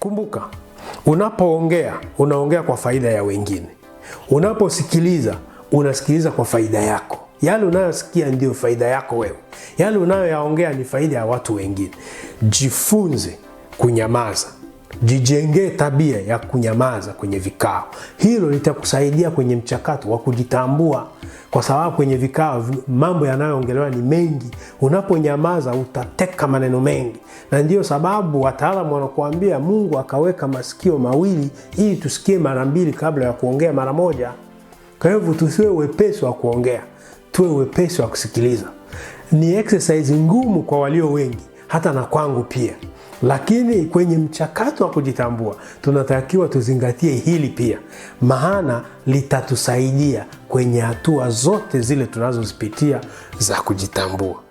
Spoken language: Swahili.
Kumbuka, unapoongea unaongea kwa faida ya wengine, unaposikiliza unasikiliza kwa faida yako. Yale unayosikia ndiyo faida yako wewe, yale unayoyaongea ni faida ya watu wengine. Jifunze kunyamaza, jijengee tabia ya kunyamaza kwenye vikao. Hilo litakusaidia kwenye mchakato wa kujitambua kwa sababu kwenye vikao mambo yanayoongelewa ni mengi. Unaponyamaza utateka maneno mengi, na ndiyo sababu wataalamu wanakuambia Mungu akaweka masikio mawili ili tusikie mara mbili kabla ya kuongea mara moja. Kwa hivyo tusiwe wepesi wa kuongea, tuwe wepesi wa kusikiliza. Ni exercise ngumu kwa walio wengi, hata na kwangu pia, lakini kwenye mchakato wa kujitambua tunatakiwa tuzingatie hili pia, maana litatusaidia kwenye hatua zote zile tunazozipitia za kujitambua.